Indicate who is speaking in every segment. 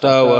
Speaker 1: tawa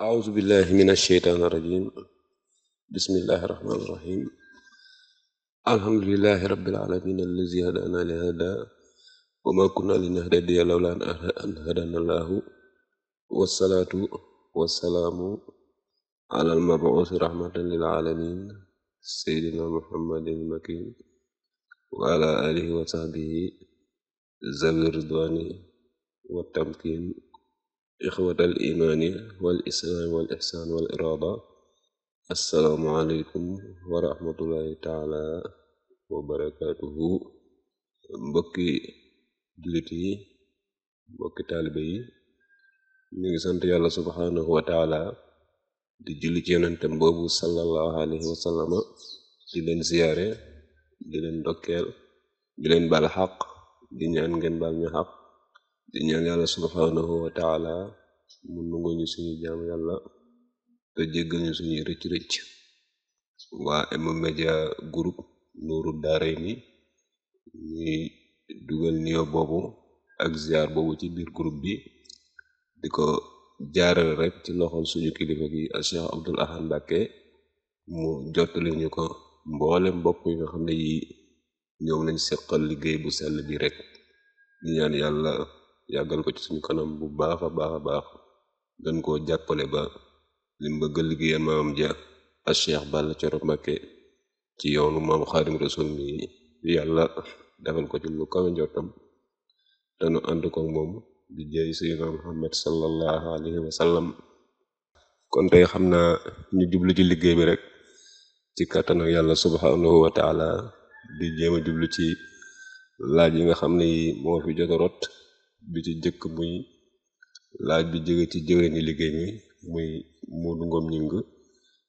Speaker 2: auzu billahi min asheytaani irrajim bismillahi irrahmani irrahim alhamdulilahi rabbil alamin allazi hadana li hada wa ma kunna linahtadiya lawla an hadana allahu wassalaatu wassalaamu ala almabuusi rahmatan lil alamin seydina muhammadin makin wa ala alihi wa sahbihi zawi ridwani wa tamkin ixwat al imaani wal islaam wal ixsaan wal iraada assalaamu aleykum taala wa barakaatuhu mbokki jullit yi mbokki taalibe yi ñu ngi sant yàlla subhaanahu wa taala di julli ci yonentem boobu sallallahu alayhi wa di leen ziyaare di leen dokkeel di leen baal xaq di ñaan ngeen baal ñu di ñaan yàlla subhaanahu wa mu nungu ñu suñu jaam yàlla te jéggal ñu suñuy rëcc-rëcc waa M-Media Group Nuuru Daarayni ñuy dugal niyo boobu ak ziar boobu ci biir groupe bi di ko jaarale rek ci loxol suñu kilifa gi Cheikh Abdoul Ahad Mbacké mu jottali ñu ko mboole mbokk yi nga xam ne yi ñoom lañ seqal liggéey bu sell bi rek di ñaan yàlla yàggal ko ci suñu kanam bu baax a baax a baax gën koo jàppale ba lim bëgg liggéeyal maam ja ak Cheikh Balla Coro Mbakke ci yoonu maam Xaadim Rasul mi yàlla defal ko ci lu kawe njortam te nu ànd ko moom di jëy Seydina Muhammad sallallahu alayhi wa kon tey xam na ñu jublu ci liggéey bi rek ci kàttan ak yàlla subhanahu wa di jéem a jublu ci laaj yi nga xam ne moo fi jot bi ci njëkk muy laaj bi jóge ci jëween yi liggéey muy Modou Ngom Gning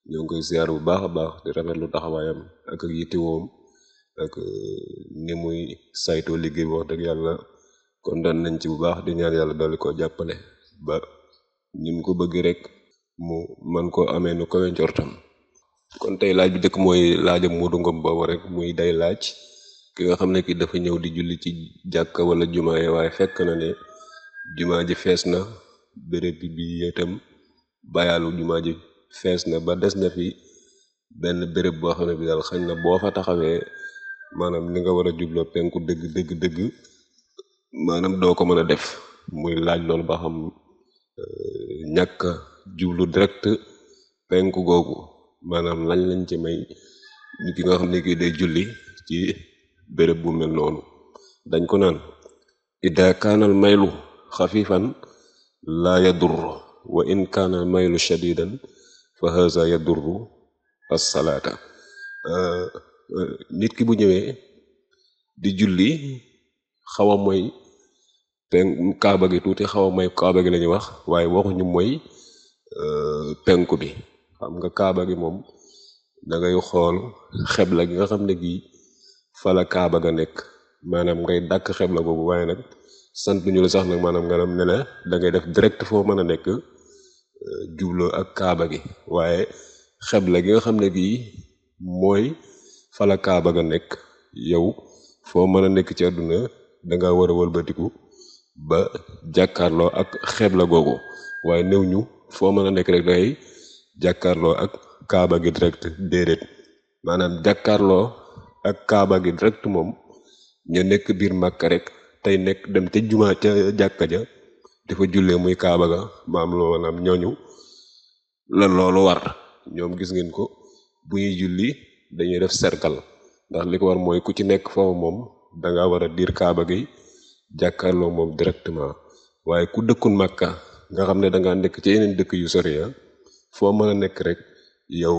Speaker 2: ñoo koy ziar bu baax a baax di lu taxawaayam ak ak yittewoom ak euh, ni muy saytoo liggéey boo wax dëgg yàlla kontaan nañ ci bu baax di ñaan yàlla dolli koo jàppale ba ni mu ko bëggee rek mu man koo amee nu kawe njortam kon tey laaj bi njëkk mooy laajam Modou Ngom rek muy day laaj ki nga xam ne ki dafa ñëw di julli ci jàkka wala jumaa ya waaye fekk na ne jumaa ji fees na béréb bi itam bayaalu jumaa ji fees na ba des na fi benn béréb boo xam ne bi daal xañ na boo fa taxawee maanaam li nga war a jubloo penku dëgg dëgg dëgg maanaam doo ko mën a def muy laaj loolu ba xam euh, ñàkk jublu direct penku googu maanaam lañ lañ ci may nit ki nga xam ne kii day julli ci béréb bu mel noonu dañ ko naan ida kaanal maylu xafifan laa yadur wa in kaanal maylu shadidan fa haza yadurru assalaata nit ki bu ñëwee di julli xaw a mooy kaaba gi tuuti xaw a mooy kaaba gi la wax waaye ñu mooy euh, penku bi xam nga kaaba gi moom da xool xebla gi nga xam ne gii fa kaaba ga nekk maanaam ngay dàkk xebla boobu waaye nag sant ñu la sax nag maanaam nga ne la dangay def direct foo mën a nekk euh, jubloo ak kaaba gi waaye xebla gi nga xam ne gii mooy fa kaaba ga nekk yow foo mën a nekk ci àdduna danga war a wëlbatiku ba jàkkaarloo ak xebla googu waaye néew ñu foo mën a nekk rek dangay jàkkaarloo ak kaaba gi direct déedéet maanaam jàkkaarloo ak kaaba gi direct moom ña nekk biir màkka rek tey nekk dem ca juma ca jàkka ja dafa jullee muy kaaba ga maam loolam ñooñu la loolu war ñoom gis ngeen ko bu ñuy julli dañuy ref cercle ndax li ko war mooy ku ci nekk foofu moom danga war a diir kaaba gi jàkkaarloo moom directement waaye ku dëkkun màkka nga xam ne danga nekk ci yeneen dëkk yu sori ya foo mën a nekk rek yow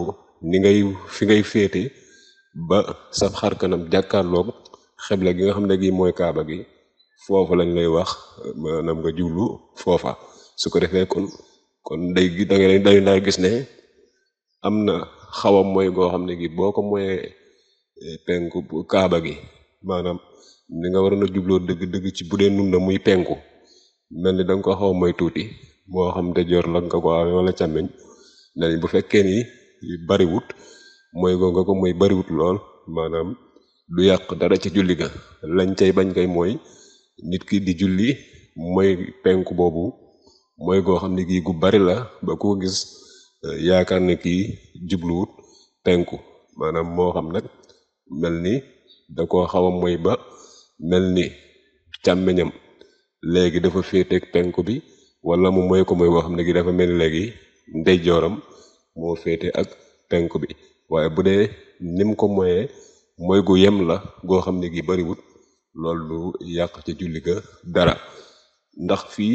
Speaker 2: ni ngay fi ngay féete ba sab xar kanam jàkkaarloog xeble gi nga xam ne gi mooy kaaba gi foofa lañ lay wax maanaam nga jublu foofa su ko defee kon kon day da nga dañu laa gis ne am na xaw a mooy goo xam ne gi boo ko moyee eh, penku kaaba gi maanaam ni nga waroon a jubloo dëgg-dëgg ci bu dee nun na muy penku mel ni da nga ko xaw mooy tuuti moo xam te joor la nga ko awee wala càmmeñ nañ bu fekkee ni bariwut mooy googa ko mooy bariwut lool maanaam du yàq dara ci julli ga lañ cay bañ kay mooy nit ki di julli mooy penku boobu mooy goo xam ne gi gu bari la ba koo gis eh, yaakaar ne kii jubluwut penku maanaam moo xam nag mel ni da koo xaw a mooy ba mel ni càmmeñam léegi dafa féeteeg penku bi walla mu mooy ko mooy boo xam ne gi dafa mel léegi ndeyjooram moo féete ak penku bi waaye bu dee nim ko moyee mooy gu yem la goo xam ne gi bariwut loolu du yàq ci julli ga dara ndax fii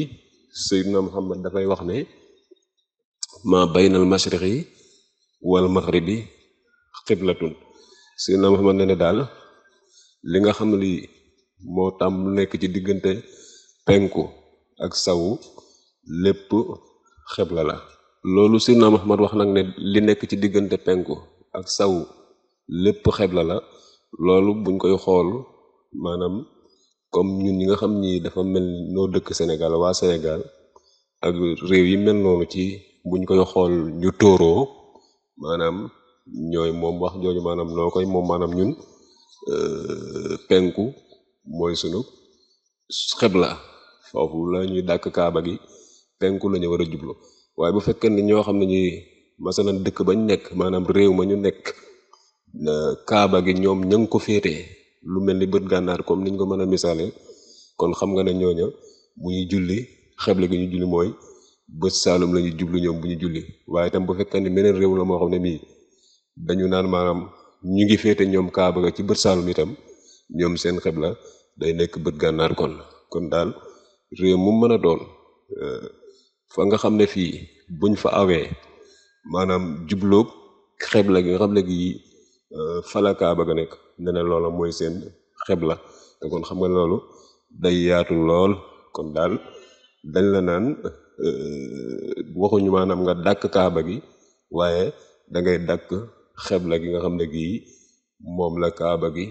Speaker 2: Seydina Muhammad dafay wax ne ma baynal mashriqi wal maghribi xiblatun Seydina Muhammad ne ne daal li nga xam li moo tam nekk ci diggante penku ak sawu lépp xebla la loolu Seydina Muhammad wax nag ne li nekk ci diggante penku ak sawu lépp xebla la loolu buñ koy xool maanaam comme ñun ñi nga xam ni dafa mel noo dëkk Sénégal waa Sénégal ak réew yi mel noonu ci buñ koy xool ñu tóoroo maanaam ñooy moom wax jooju maanaam noo koy moom maanaam ñun euh, penku mooy sunu xebla foofu la ñuy dàkk kaaba gi penku lañu war a jublu waaye bu fekkee ni ñoo xam ne masalan dëkk bañ nekk maanaam réew ma ñu nekk kaaba gi ñoom ña ngi ko féetee lu mel ni bët gànnaar comme niñ ko mën a misaale kon xam nga ne ñooña bu ñu julli xeble gi ñu julli mooy bët saalum la ñu jublu ñoom bu ñu julli waaye itam bu fekkee ne meneen réew la moo xam ne mii dañu naan maanaam ñu ngi féete ñoom kaaba ga ci bët saalum itam ñoom seen xebla day nekk bët gànnaar kon kon daal réew mu mën a doon euh, fa nga xam ne fii buñ fa awee maanaam jubloog xebla gi xebla gi euh, falakaa ba ga nekk ne ne loola mooy seen xebla te kon xam nga loolu day yaatu lool kon daal dañ la naan euh, waxuñu maanaam nga dàkk kaaba gi waaye dangay dakk xebla gi nga xam ne gi moom la kaaba gi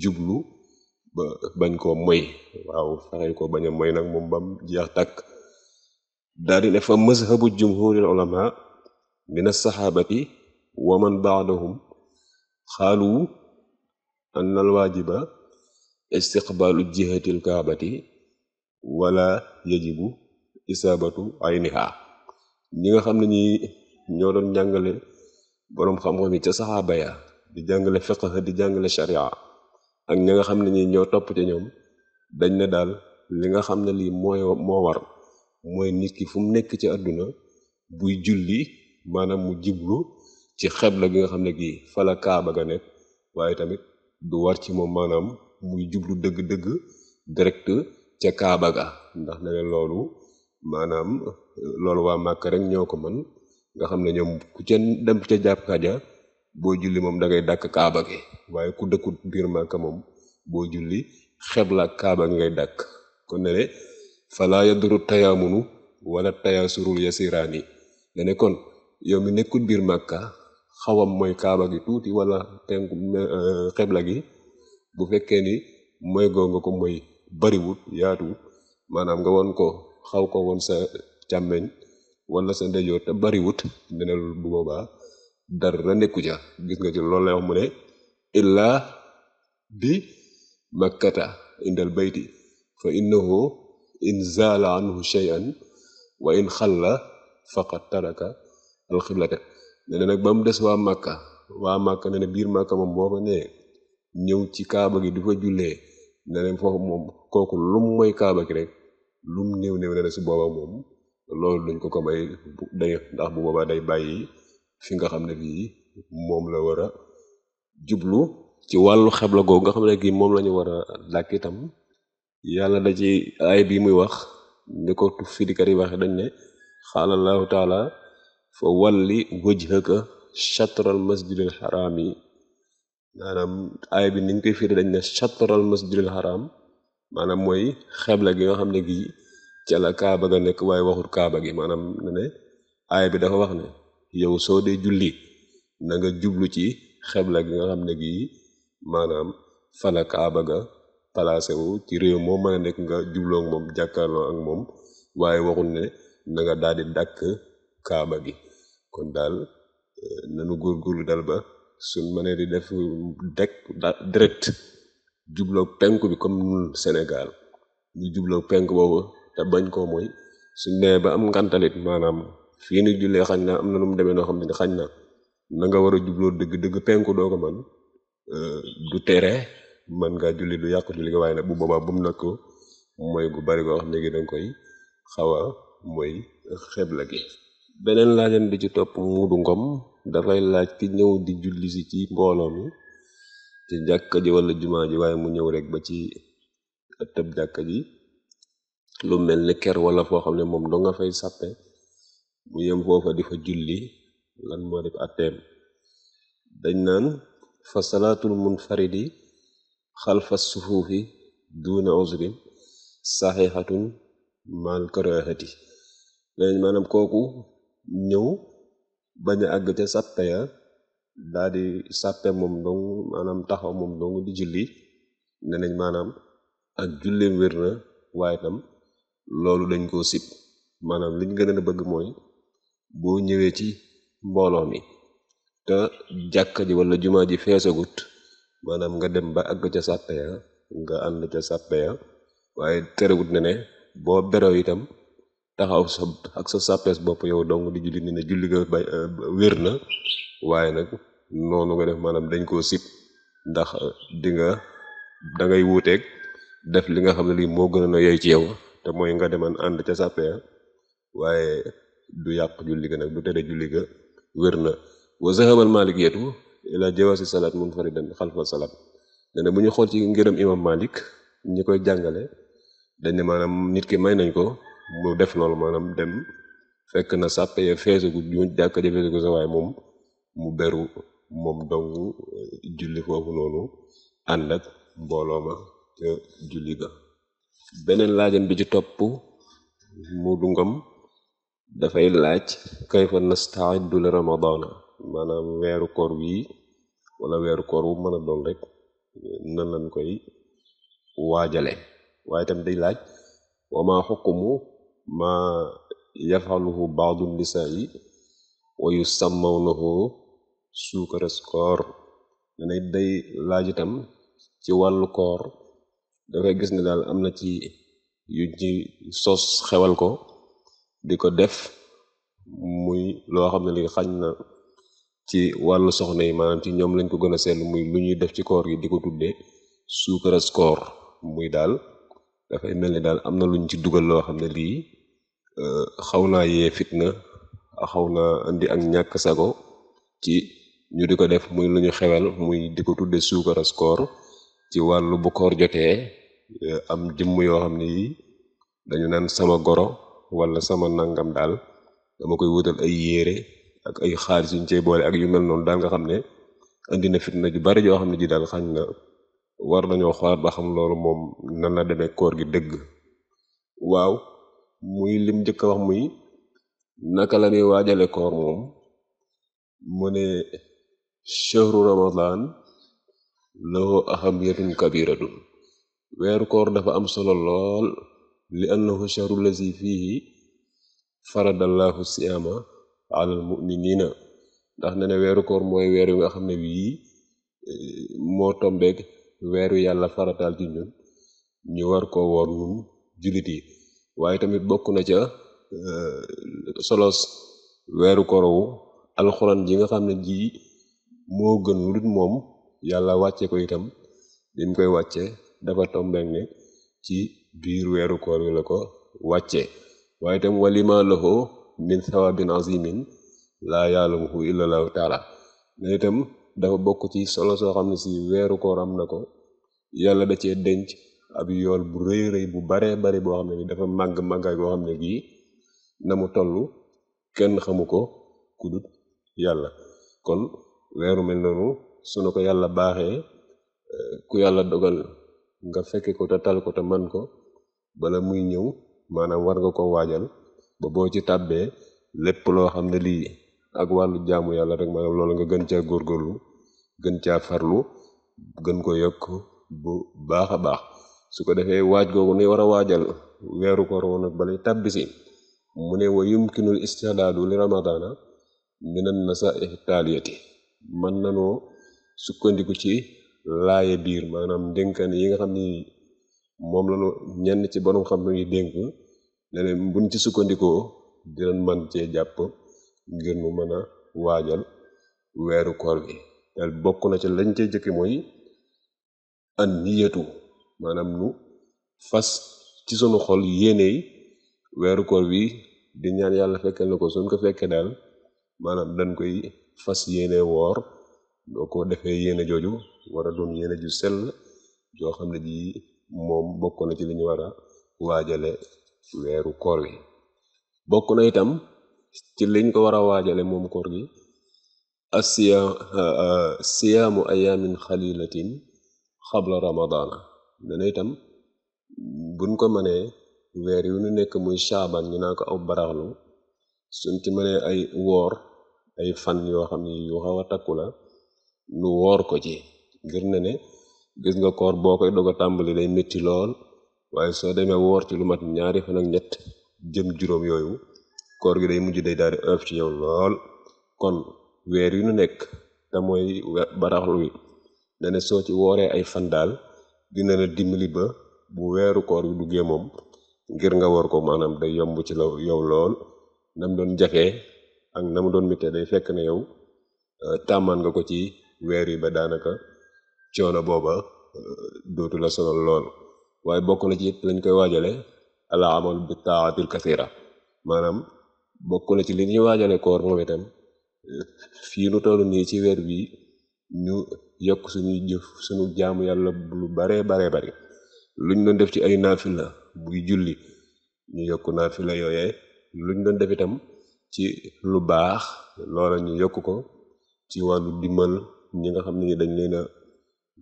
Speaker 2: jublu ba bañ ko moy waaw fexe ko bañ moy nag moom bam jeex tàkk daal di ne fa mazhabu jumhuril ulama na min alsaxaabati wa man baadahum xaalu an alwaajiba istiqbaalu jihati alkaabati wala yajibu isaabatu ayniha ñi nga xam na ñi ñoo doon jàngale boroom xam-xam yi ca saxaaba ya di jàngale fiqh di jàngale sharia ak ñi nga xam ne ñi ñoo topp ca ñoom dañ ne daal li nga xam ne lii mooy moo war mooy nit ki fu mu nekk ci àdduna buy julli maanaam mu jublu ci xebla gi nga xam ne gi fala la kaaba ga nekk waaye tamit du war ci moom maanaam muy jublu dëgg-dëgg direct ca kaaba ga ndax ne loolu maanaam loolu waa màkk rek ñëw ko mën nga xam ne ñoom ku ca dem ca jàpp kaja boo julli moom da ngay dàkk kaaba waaye ku dëkkut biir màkka moom boo julli xebla ngay dàkk kon ne ne falaa yaduru tayaamunu wala tayaasurul yasiraani ne kon yow mi nekkul biir màkka xawam mooy kaaba gi tuuti wala penku euh, xebla gi bu fekkee ni mooy goo nga ko mooy bariwut yaatuwut maanaam nga won ko xaw ko woon sa càmmeñ wala sa ndejoor te bariwut dina lu bu boobaa dara nekku ca gis nga ci loolu lay wax mu ne illaa bi makkata indal bayti fa innahu in zaala anhu shay'an wa in xalla faqad taraka alxiblata ne na nag ba mu des waa màkka waa màkka na biir màkka moom boo fa ñëw ci kaaba gi du fa jullee ne moom kooku lum mooy kaaba gi rek lum néew néew ne na su loolu dañ ko ko may day ndax bu boobaa day bàyyi fi nga xam ne bii moom la war a jublu ci wàllu xebla nga xam ne gi moom la war a làkk itam yàlla da ci ay bi muy wax ni ko fi dikat yi waxe dañ ne xaalallahu taala fa walli wajhaka chatral masjidil haram yi maanaam aaya bi ni ñu koy firi dañ ne chatral masjidil haram maanaam mooy xebla gi nga xam ne gi ci kaaba ga nekk waaye waxul kaaba gi maanaam ne ne aaya bi dafa wax ne yow soo dee julli na nga jublu ci xebla gi nga xam ne gi maanaam fala kaaba ga placé wu ci réew moo mën a nekk nga jubloo ak moom jàkkaarloo ak moom waaye waxul ne na nga daal di dàkk kaaba gi kon daal euh, nanu góorlu dal ba suñ mënee di def dek direct jubloo penku bi comme nun Sénégal ñu jubloo penku boobu te bañ koo mooy suñ nee ba am ngantalit maanaam fii ni jullee xañ na am na nu mu demee noo xam ne xañ na na nga war a jubloo dëgg dëgg penku doo ko man euh, du tere man ngaa julli du yàqu julli nga waaye nag bu boobaa bu mu nag ko mooy gu bari koo xam ne gi danga koy xaw a mooy xeeb la beneen laajam di ci topp Muudu Ngom dafay laaj ki ñëw di julli si ci mbooloo mi ci jàkka ji wala jumaa ji waaye mu ñëw rek ba ci ëttëb jàkka ji lu mel ni ker wala foo xam ne moom doo nga fay sàppe mu yem foofa di fa julli lan moo def atteem dañ naan fa salaatul munfaridi xalfa sufuufi duuna uzrin saxiixatun mal karaahati maanaam kooku ñëw bañ a àgg ca sàppe ya daa di sàppe moom dong maanaam taxaw moom dong di julli ne nañ maanaam ak julleem wér na waaye tam loolu dañ koo sib maanaam liñ gëna na bëgg mooy boo ñëwee ci mbooloo mi te jàkka ji wala jumaa ji feesagut maanaam nga dem ba àgg ca sàppe ya nga ànd ca sàppe ya waaye terewut ne ne boo beroo itam taxaw sa ak sa sàppees bopp yow dong di julli ne ne julli nga bay eh, wér na waaye nag noonu nga def maanaam dañ koo sip ndax eh, di nga da ngay def li nga xam ne lii moo gën a yey ci yow te mooy nga deman ànd ca sàppe waaye du yàq julli ga nag du tere julli ga wér na wa zahabal malikiyatu ila jawaasi salaat munfaridan xalfa salaat nee na bu ñu xool ci ngërëm imam malik ñu koy jàngale dañ ne maanaam nit ki may nañ ko mu def loolu maanaam dem fekk na sàppe ya feesagut juuñ jàkka ja feesagut sa waaye moom mu beru moom dong julli foofu noonu ànd ak mbooloo julli ga beneen laajam bi ci topp mu dungam dafay laaj kayfa nasta'iddu li ramadana maanaam weeru koor wii wala weeru koor wu mën a doon rek nan lañ koy waajale waaye tam day laaj wa ma xukmu ma yafaluhu baadu nisaa'i wa yusammawnahu suukares koor ne day laaj itam ci wàllu koor dafay gis ni daal am na ci yu ci sos xewal ko di ko def muy loo xam ne li xañ na ci wàllu soxna yi maanaam ci ñoom lañ ko gën a seetlu muy lu ñuy def ci koor yi di ko tuddee suukaras koor muy daal dafay mel ni daal am na luñ ci dugal loo xam ne lii Euh, xaw naa yee fitna xaw naa indi ak ñàkk sago ci ñu di ko def muy lu ñu xewal muy di ko tudde suukaras koor ci wàllu bu koor jotee euh, am jëmm yoo xam ne yi dañu nan sama goro wala sama nangam daal dama koy wutal ay yére ak ay xaalis yuñ cey boole ak yu mel noonu daal nga xam ne indi na fitna bari joo xam ne ji daal xañ na war nañoo xoolaat ba xam loolu moom nan deme koor gi dëgg waaw muy lim njëkk wax muy naka la ñuy waajale koor moom mu ne chahru ramadan lahu ahamiyatun kabiratun weeru koor dafa am solo lool li annahu chahru lazi fii faradallahu siyaama alal muminina ndax ne ne weeru koor mooy weer wi nga xam ne bii moo tombeeg weeru yàlla faratal ci ñun ñu war ko woor ñun jullit yi waaye tamit bokk na ca euh, solos weeru korowu alxuraan ji nga xam ne ji moo gën lu dul moom yàlla wàcce ko itam li koy wàcce dafa tombeek ne ci biir weeru koor wi la ko wàcce waaye itam walima lahu min sawabin azimin laa ya'lamuhu illa Allahu taala ne itam dafa bokk ci solo soo xam ne si weeru koor am na ko yàlla da cee denc ab yool bu rëy rëy bu baree bari boo xam ne dafa màgg màggaay boo xam ne gii na mu toll kenn xamu ko ku yàlla kon weeru mel noonu su na ko yàlla baaxee eh, ku yàlla dogal nga fekke ko te tal ko te man ko bala muy ñëw maanaam war nga ko waajal ba boo ci tàbbee lépp loo xam ne lii ak wàllu jaamu yàlla rek maanaam loolu nga gën caa góorgóorlu gën caa farlu gën ko yokk bu baax a baax su ko defee waaj googu ni war a waajal weeru koor woon ak balay tàbbisi mu ne wa yumkinul istidadu li ramadaana minan nasaihi taaliyati mën nanoo sukkandiku ci laaye biir maanaam dénkaan yi nga xam ni moom lañu ñenn ci borom xam yi dénk ne leen buñ ci sukkandikoo dinañ man cee jàpp ngir mu mën a waajal weeru koor gi te bokk na ci lañ cey jëkke mooy an niyatu maanaam nu fas ci sunu xol yéene weeru koor wi di ñaan yàlla fekkal na ko suñ ko fekkee daal maanaam dañ koy fas yéene woor doo ko defee yéene jooju war a doon yéene ju sell joo xam ne ji moom bokk na ci li ñu war a waajale weeru koor wi bokk na itam ci liñ ko war a waajale moom koor gi as siyaamu ayaamin xalilatin xabla ramadaana dana itam buñ ko mënee weer yu nu nekk muy saaban ñu naan ko aw baraxlu suñ ci mënee ay woor ay fan yoo xam ne yu xaw a takku la nu woor ko ci ngir ne ne gis nga koor boo koy doog a tàmbali day métti lool waaye soo demee woor ci lu mat ñaari fan ak ñett jëm juróom yooyu koor gi day mujj day daal di ëpp ci yow lool kon weer yu nu nekk te mooy baraxlu wi dane soo ci wooree ay fan daal dina la dimbali ba bu weeru koor bi duggee moom ngir nga war ko maanaam day yomb ci la yow lool nam doon jafee ak na mu doon mittee day fekk ne yow euh, tàmmaan nga ko ci weer yi ba daanaka coono booba euh, dootu la sonal lool waaye bokk na ci it lañ koy waajale ala amal bi taatil kasira maanaam bokk na ci li ñuy waajale koor moom itam euh, fii nu nii ci weer bi ñu yokk suñuy jëf suñu jaamu yàlla lu baree baree bari luñ doon def ci ay naafila buy julli ñu yokk naafila yooyee luñ doon def itam ci lu baax loola ñu yokk ko ci wàllu dimbal ñi nga xam ne dañ leen a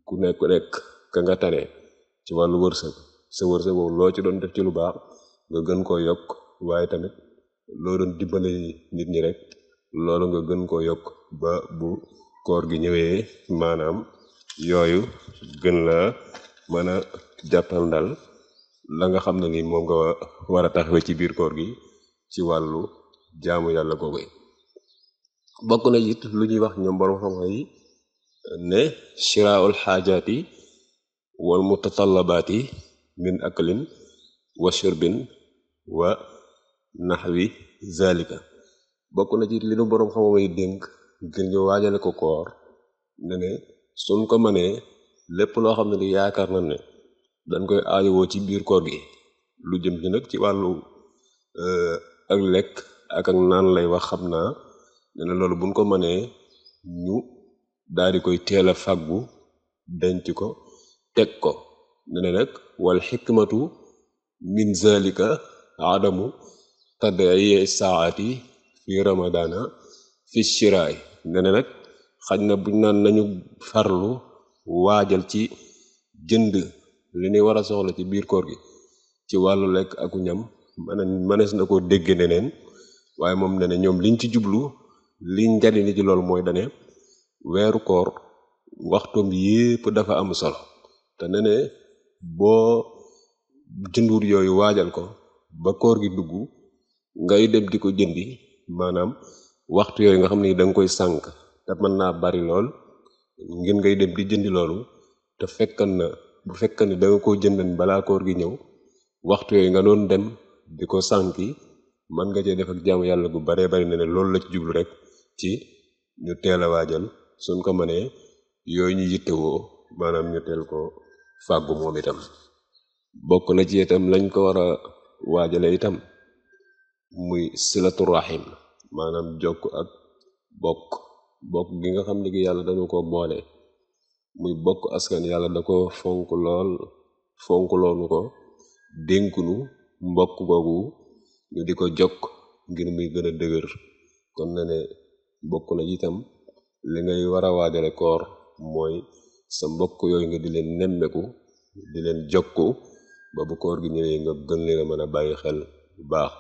Speaker 2: ku nekk rek ka nga tane ci wàllu wërsëg sa wërsëg boobu loo ci doon def ci lu baax nga gën koo yokk waaye tamit loo doon dimbale nit ñi rek loolu nga gën koo yokk ba bu koor gi ñëwee maanaam yooyu gën la mën a jàppal ndal la nga xam ne ni moom nga war a taxawe ci biir koor gi ci wàllu jaamu yàlla googu bokk na it lu ñuy wax ñoom borom xam-xam yi ne shiraul xaajaati wal mutatallabaati min aklin wa shurbin wa naxwi zalika bokk na ci li nu boroom xam-xam dénk ngir ñu waajale ko koor ne ne ko mënee lépp loo xam ne di yaakaar na ne dañ koy aajowoo ci biir koor gi lu jëm ci nag ci wàllu eh, ak lekk ak ak naan lay wax xam naa ne ne loolu buñ ko mënee ñu daal koy teel a fàggu denc ko teg ko ne ne nag wal xikmatu min zalika adamu taddaye saati fi ramadana fi shiraay ne na nag xaj na buñ naan nañu farlu waajal ci jënd li ñuy war a soxla ci biir koor gi ci wàllu lekk aku ñam mën mënees na koo dégg neneen waaye moom ne ñoom liñ ci jublu liñ njariñ ci loolu mooy dane weeru koor waxtoom yépp dafa am solo te ne boo jënduur yooyu waajal ko ba koor gi dugg ngay dem di ko jëndi maanaam waxtu yooyu nga xam ne da nga koy sànq te mën naa bari lool ngeen ngay dem di jëndi loolu te fekkan na bu fekkan ne da koo jëndan balaa koor gi ñëw waxtu yooyu nga doon dem di ko sànki mën nga cee def ak jaamu yàlla gu baree bari ne ne loolu la ci jublu rek ci ñu teel a waajal suñ ko mënee yooyu ñu yittewoo maanaam ñu teel ko fàggu moom itam bokk na ci itam lañ ko war a waajale itam muy silatu rahim maanaam jokk ak bokk bokk gi nga xam ni gi yàlla dañu ko boole muy bokk askan yàlla da koo fonk lool fonk loonu ko dénkunu mbokk googu ñu di ko jokk ngir muy gën a dëgër kon na ne bokk na itam li ngay war a waajale koor mooy sa mbokk yooyu nga di leen nemmeku di leen jokku ba bu koor gi ñëwee nga gën leen a mën a bàyyi xel bu baax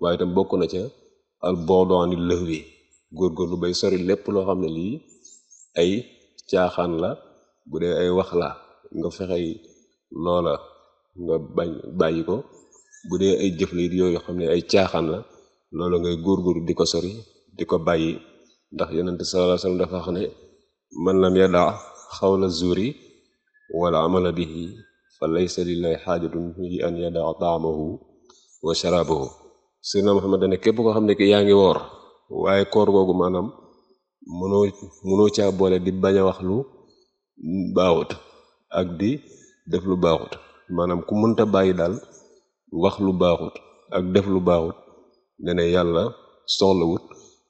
Speaker 2: waaye itam bokk na ca al boodooni lëx wi góor góor lu bay sori lépp loo xam ne lii ay caaxaan la bu dee ay wax la nga fexey loola nga bañ bàyyi ko bu dee ay jëflit yooyu xam ne ay caaxaan la loolu ngay góor góorgóorlu di ko sori di ko bàyyi ndax yonente sallallahu alayhi wasallam dafa wax ne man lam yada xawla zuri wala amala bihi fa laysa lillahi xaajatun fi an yadaa taamahu wa sharaabahu Seydina xamante dane képp koo xam ne ki yaa ngi woor waaye koor googu maanaam mënoo mënoo caa boole di bañ a wax lu baaxut ak di def lu baaxut maanaam ku mënta bàyyi daal wax lu baaxut ak def lu baaxut ne yàlla soxlawut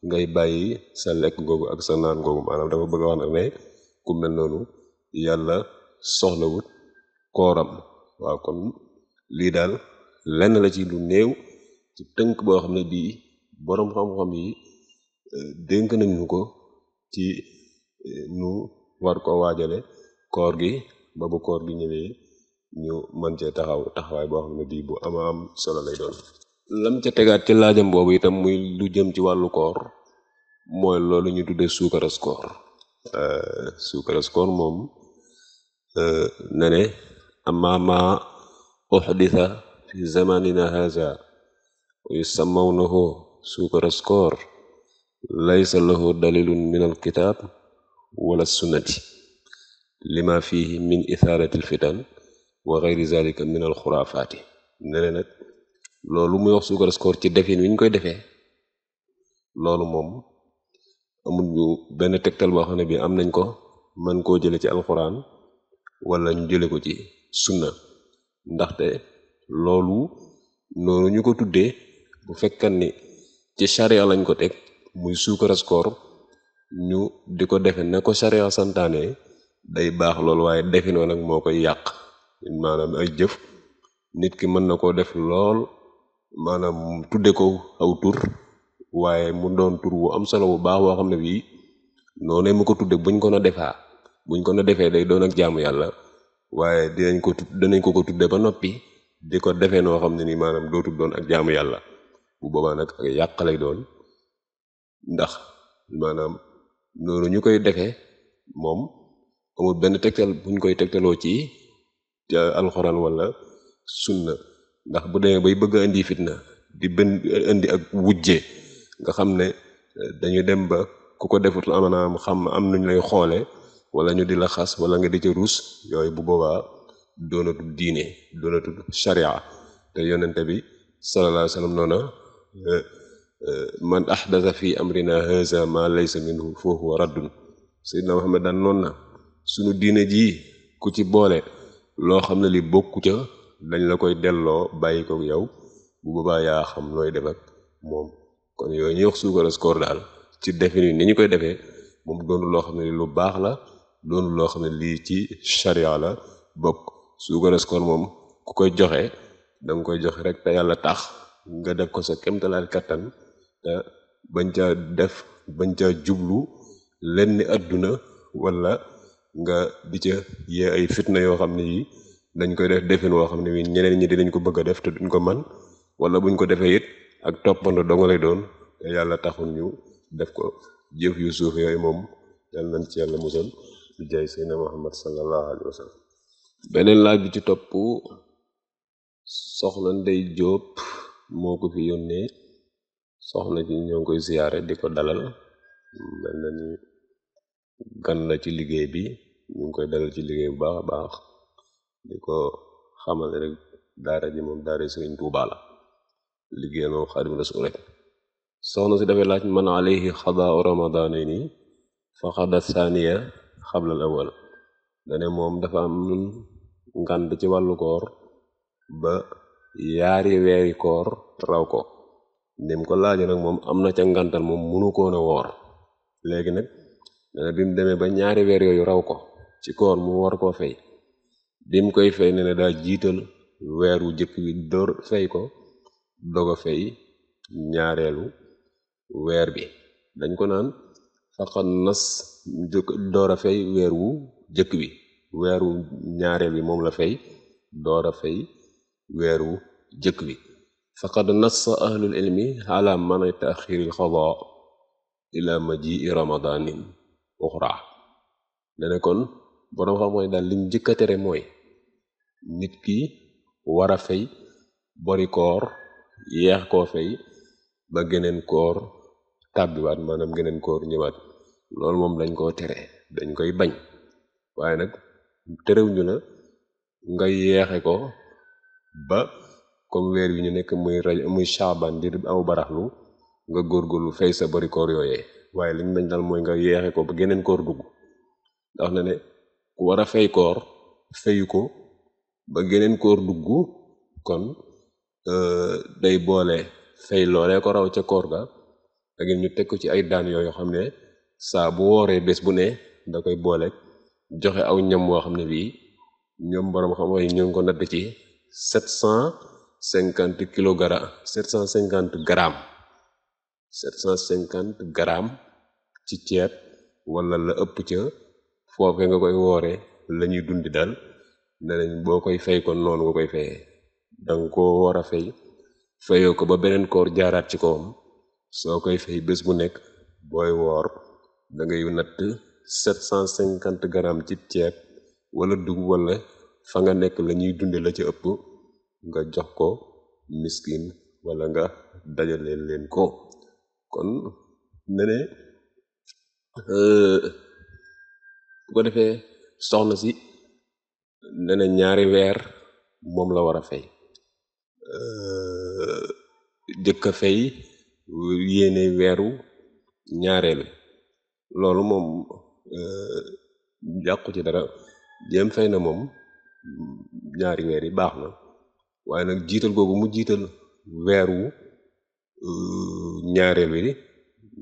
Speaker 2: ngay bàyyi sa lekk googu ak sa naan googu maanaam dafa bëgg a ne ku mel noonu yàlla kooram waaw kon lii daal lenn la ci lu néew ci tënk boo xam ne bii boroom xam-xam yi euh, dénk nañ ñu ko ci euh, nu war ko waajale koor gi ba bu koor gi ñëwee ñu mën cee taxaw taxawaay boo xam ne bii boo ama am solo lay doon lam ca tegaat ci laajam boobu itam muy lu jëm ci wàllu koor mooy loolu ñu tuddee suukaras koor euh, suukaras koor moom na ne amma ma uhditha fi zamanina wa yusammawnahu suukaras koor laysa lahu dalilun min alkitaab wala sunnati lima fihi min itharati alfitan wa geyri zalika min alxuraafaati ne ne loolu muy wax suukaras koor ci defin wi ñu koy defee loolu moom amul ñu benn tegtal boo xam ne bi am nañ ko mën koo jële ci alxuraan wala ñu jële ko ci sunna ndaxte loolu noonu ñu ko tuddee bu fekkan ni ci sharia lañ ko teg muy suukaras koor ñu di ko defe na ko sharia santaane day baax loolu waaye definoo nag moo koy yàq maanaam ay jëf nit ki mën na koo def lool maanaam tudde ko aw tur waaye mu doon tur wu am solo bu baax woo xam ne bii noonu mu ko tudde buñ ko na defaa buñ ko a defee day doon ak jaamu yàlla waaye dinañ ko danañ ko ko tudde ba noppi di ko defee noo xam ne nii maanaam dootul doon ak jaamu yàlla bu boobaa nag ak yàq doon ndax maanaam noonu ñu koy defee moom amul benn tegtal buñ koy tegtaloo ci alxuraan wala sunna ndax bu demee bay bëgg a indi fitna di benn indi ak wujje nga xam ne dañu dem ba ku ko defut maanaam xam am nuñ lay xoole wala ñu di la xas wala nga di ca ruus yooyu bu boobaa doonatul diine doonatu sharia te yonente bi sallallahu alayhi wa sallam noona Euh, euh, man ahdasa fi amrina haza ma laysa minhu fa huwa raddun seydina Muhammad daan noonu na suñu diine jii ku ci boole loo xam ne li bokku ca dañ la koy delloo bàyyi ko yow bu yaa xam looy def ak moom kon yooyu ñuy wax suukaru koor daal ci defin ni ñu koy defee moom doonu loo xam ne lu baax la doonu loo xam ne lii ci charia la bokk suukaru koor moom ku koy joxe danga koy joxe rek te yàlla tax nga def ko sa kemtalaal kattan te bañ ca def bañ caa jublu lenn adduna wala nga di ca yee ay fitna yoo xam ne yi dañ koy def defin woo xam ne wi ñeneen ñi dinañ ko bëgg a def te duñ ko man wala buñ ko defee it ak toppandoo dong lay doon te yàlla taxul ñu def ko jëf yu suuf yooyu moom yàlla nañ ci yàlla musal bi jaay seydna muhammad sallallahu alayhi wa beneen laaj bi ci topp soxla ndey jóob moo ko fi yónnee soxna ci ñoo ngi koy siyaare di ko dalal mel la ci liggéey bi ñu ngi koy dalal ci liggéey bu baax a baax ko xamal rek daara ji moom daara Sëriñ Tuubaa la liggéey moom Xaadimu Rasuul laaj man alayhi xadaa ramadaanay nii fa xada saaniya xablal dafa am ngànt ci wàllu koor ba yaari weeri koor raw ko ndem ko laaj nag moom am na ca ngantal moom munu koon a woor léegi nag nene eh, bi demee ba ñaari weer yooyu raw ko ci koor mu war koo fay bi koy fay ne ne daa jiital weer wu jëkk bi door fay fay ñaareelu weer bi dañ ko naan faqat nas door a fay weer wu jëkk bi weer wu ñaareel bi moom la fay door a fay weeru jëkk bi faqad nassa ahlul ilmi ala manay taaxiril xadaa ila majii ramadanin uxra dane kon boroom xam mooy daal liñ jëkka tere mooy nit ki wara a fay bori koor yeex koo fay ba geneen koor tàbbiwaat maanaam geneen koor ñëwaat loolu moom dañ koo tere dañ koy bañ waaye nag terew ñu nga yeexe ko ba comme weer wi ñu nekk muy raj muy shaaban di aw baraxlu nga góor góorgóorlu fay sa bari koor yooyee waaye liñ dañ daal mooy nga yeexe ko ba geneen koor dugg ndax na ne ku war a fay koor fayu ko ba geneen koor dugg kon euh, day boole fay loolee ko raw ca koor ga ak ñu teg ko ci ay daan yooyu xam ne saa bu wooree bés bu ne da koy boole joxe aw ñam woo xam ne bii ñoom boroom xam yi ñu ko natt ci sept cent cinquante kilo sept cent cinquante grammes sept cent cinquante grammes ci ceeb wala la ëpp ca foofe nga koy woore la ñuy dundi dal ne boo koy fay kon noonu nga koy fayee danga ko war a fay fayoo ko ba beneen koor jaaraat ci kawam soo koy fay bés bu nekk booy woor da ngay natt sept cent cinquante grammes ci ceeb wala dugub wala fa nga nekk la ñuy dunde la ci ëpp nga jox ko miskin wala nga dajale leen ko kon ne euh, bu ko defee soxna si ne ñaari weer moom la war a fay euh, jëkk a fay yéene weeru ñaareel loolu moom euh, yàqu ci dara jéem fay na moom ñaari weer yi baax na waaye nag jiital googu mu jiital weer wu ñaareel wi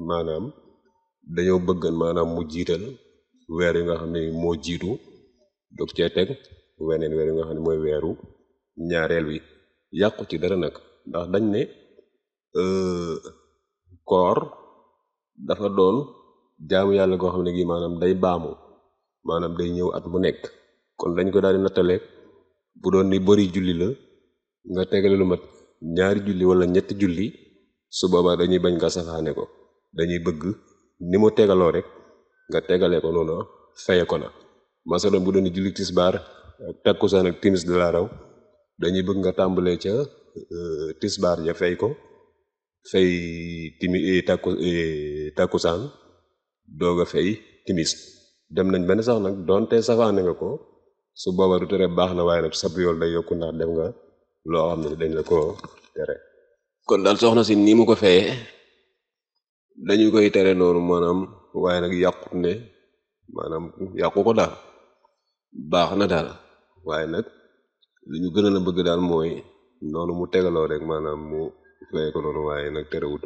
Speaker 2: maanaam dañoo bëggan maanaam mu jiital weer yi nga xam ne moo jiitu dog cee teg weneen weer yi nga xam ne mooy weeru ñaareel wi yàqu ci dara nag ndax dañ ne euh, koor dafa doon jaamu yàlla goo xam ne gi maanaam day baamu maanaam day ñëw at mu nekk kon dañ ko daal di nattaleeg bu doon ni bëri julli la nga tegale lu mat ñaari julli wala ñetti julli su boobaa dañuy bañ nga safaane ko dañuy bëgg ni mu tegaloo rek nga tegalee ko noonu faye ko na masalan bu doon ni julli tisbaar ak takkusaan ak timis da la raw dañuy bëgg nga tàmbalee ca euh, tisbaar ja fay ko fay timi eh, takku eh, takkusaan doog a fay timis dem nañ benn sax nag doonte safaane nga ko su booba du tere baax na waaye nag sab yool day yokku ndax def nga loo xam ne dañ la ko tere kon daal soxna si ni mu ko feyee dañu koy tere noonu maanaam waaye nag yàqut ne maanaam yàqu ko daal baax na daal waaye nag li ñu gën bëgg daal mooy noonu mu tegaloo rek maanaam mu feye ko noonu waaye nag terewut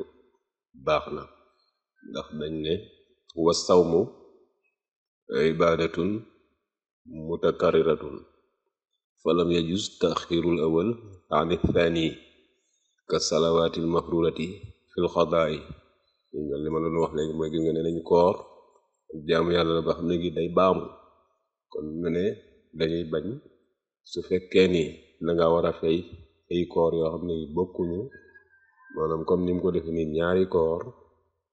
Speaker 2: baax na ndax dañ ne wa sawmu ibadatun متكررة فلم يجز تأخير الأول عن الثاني كالصلوات المفروضة في القضاء li ma doon wax léegi mooy gis nga ne nañ koor jaamu yàlla la ba xam ne day baamu kon mu ne dañuy bañ su fekkee ni da nga war a fay ay koor yoo xam ne bokkuñu maanaam comme ni mu ko defe ni ñaari koor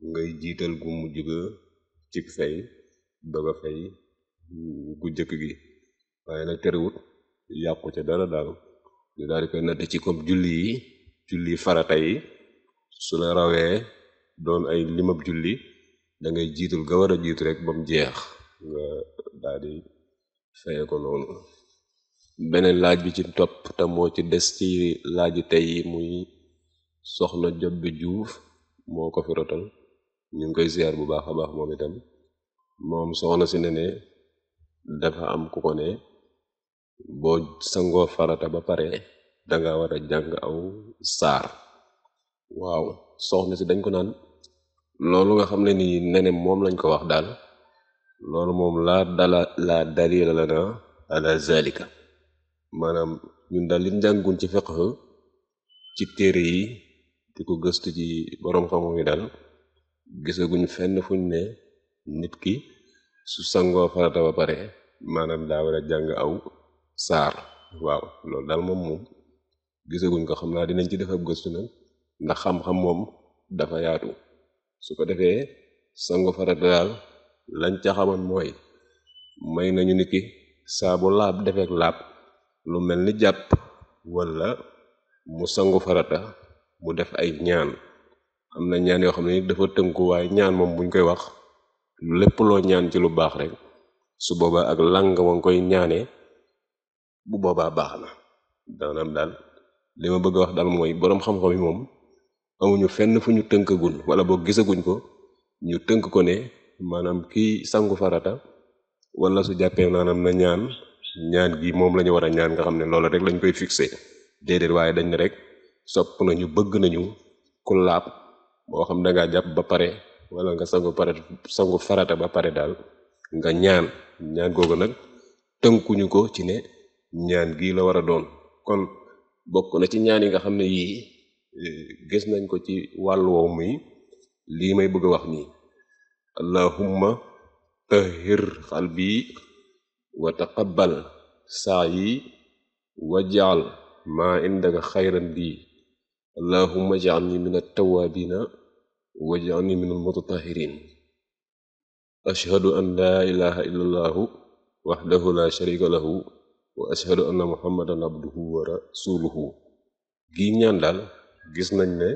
Speaker 2: ngay jiital gu mujj ga ci fay doga fay gu jëkk gi waaye nag terewut yàqu ca dara daal ñu daal di koy natt ci comme julli yi julli farata yi su la rawee doon ay limab julli dangay ngay jiitul ga war a jiit rek bam jeex nga daal di faye ko noonu beneen laaj bi ci topp te moo ci des ci laaji tey muy soxna bi Juuf moo ko fi rotal ñu ngi koy ziar bu baax a baax moom itam moom soxna si ne dafa am ku ko ne boo sangoo farata ba pare danga war a jàng aw saar waaw soxna si dañ ko naan loolu nga xam ne ni nene moom lañ ko wax daal loolu moom laa dala laa la lana ala zalika maanaam ñun daal li njàngun ci fiqh ci téere yi di ko gëstu ci boroom xam-xam yi daal gisaguñ fenn fuñ ne nit ki su sangoo farata ba pare maanaam daa war a jàng aw saar waaw loolu daal moom moom gisaguñ ko xam naa dinañ ci def ab gëstu nag ndax xam-xam moom dafa yaatu su ko defee sangu farata daal lañ ca xamoon mooy may nañu nit ki saabu laab defeek laab lu mel ni jàpp walla mu sangu farata mu def ay ñaan am na ñaan yoo xam ne dafa tënku waaye ñaan moom buñ koy wax lépp loo ñaan ci lu baax rek su boobaa ak lang wa nga koy ñaanee bu boobaa baax na daanaam daal li ma bëgg a wax daal mooy boroom xam-xam yi moom amuñu fenn fu ñu tënkagul wala boo gisaguñ ko ñu tënk ko ne maanaam kiy sangu farata wala su jàppee maanaam na ñaan ñaan gi moom la war a ñaan nga xam ne loolu rek lañ koy fixé déedéet waaye dañ ne rek sopp ñu bëgg nañu ku laab boo xam da ngaa jàpp ba pare wala nga sangu farata ba pare daal nga ñaan ñaan googu nag tënkuñu ko ci ne ñaan gii la war a doon kon bokk na ci ñaan yi nga xam ne yii eh, gis nañ ko ci wàllu woow muy lii may bëgg a wax nii allahumma tahir xalbi wa taqabbal saa yi wajaal maa indaka xayran bi allahumma jaalni min attawaabiina waj'alni minal mutatahhirin ashhadu an laa ilaha illa wahdahu la sharika lahu wa ashhadu anna muhammadan abduhu wa rasuluhu gi ñaan daal gis nañ ne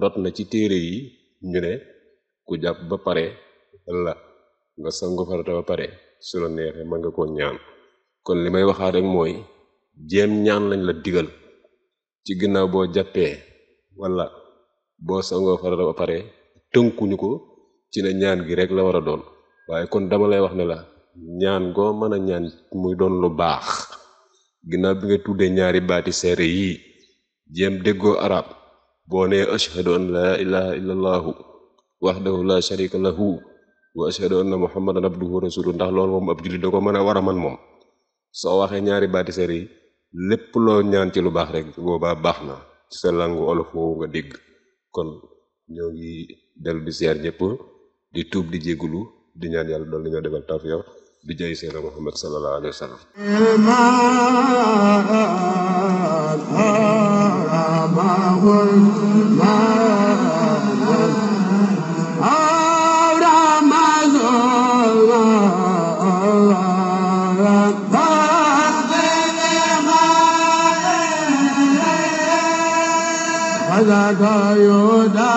Speaker 2: rot na ci téere yi ñu ne ku jàpp ba pare la nga sangu farata ba pare su la neexee mën nga koo ñaan kon li may waxaat rek mooy jéem ñaan lañ la digal ci ginnaaw boo jàppee walla boo sangoo farata ba pare tënkuñu ko ci ne ñaan gi rek la war a doon waaye kon dama lay wax ne la ñaan goo mën a ñaan muy doon lu baax ginnaaw bi nga tuddee ñaari baati seere yi jéem déggoo araab boo nee ashhadu an laa ilaha illa allahu wahdahu la sharika lahu wa ashhadu anna muhammadan abduhu wa rasuluhu ndax loolu moom ab jullit da ko mën a war a man moom soo waxee ñaari baati seere yi lépp loo ñaan ci lu baax rek boobaa baax na ci sa langu olof woowu nga kon ñoo ngi dellu di ñëpp di tuub di jéggulu di ñaan yàlla doon la ñoo defal tawfiq bi jëy seena muhammad sallallahu alayhi wa
Speaker 1: sallam ذا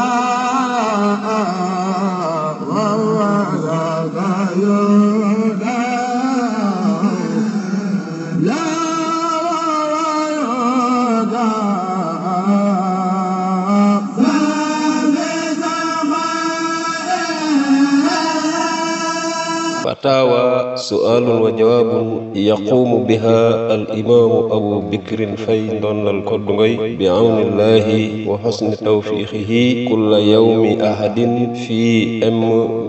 Speaker 1: fataawa su'aalun wa jawaabun yaquumu biha al imaamu abu bikrin fay ndondal koddu ngoy bi awnillahi wa xosni tawfiixihi kulla yawmi ahadin fii M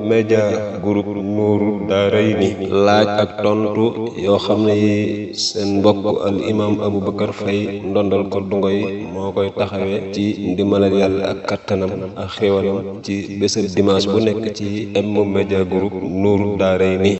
Speaker 1: Media Group daarayni laaj ak tontu yoo xam ne yi seen mbokk al imaam Aboubacar Faye ndondal ko dungo yi moo koy taxawee ci ndimbalal yàlla ak kattanam ak xéwalam ci bésëb dimanche bu nekk ci M Media Group Nour daarayni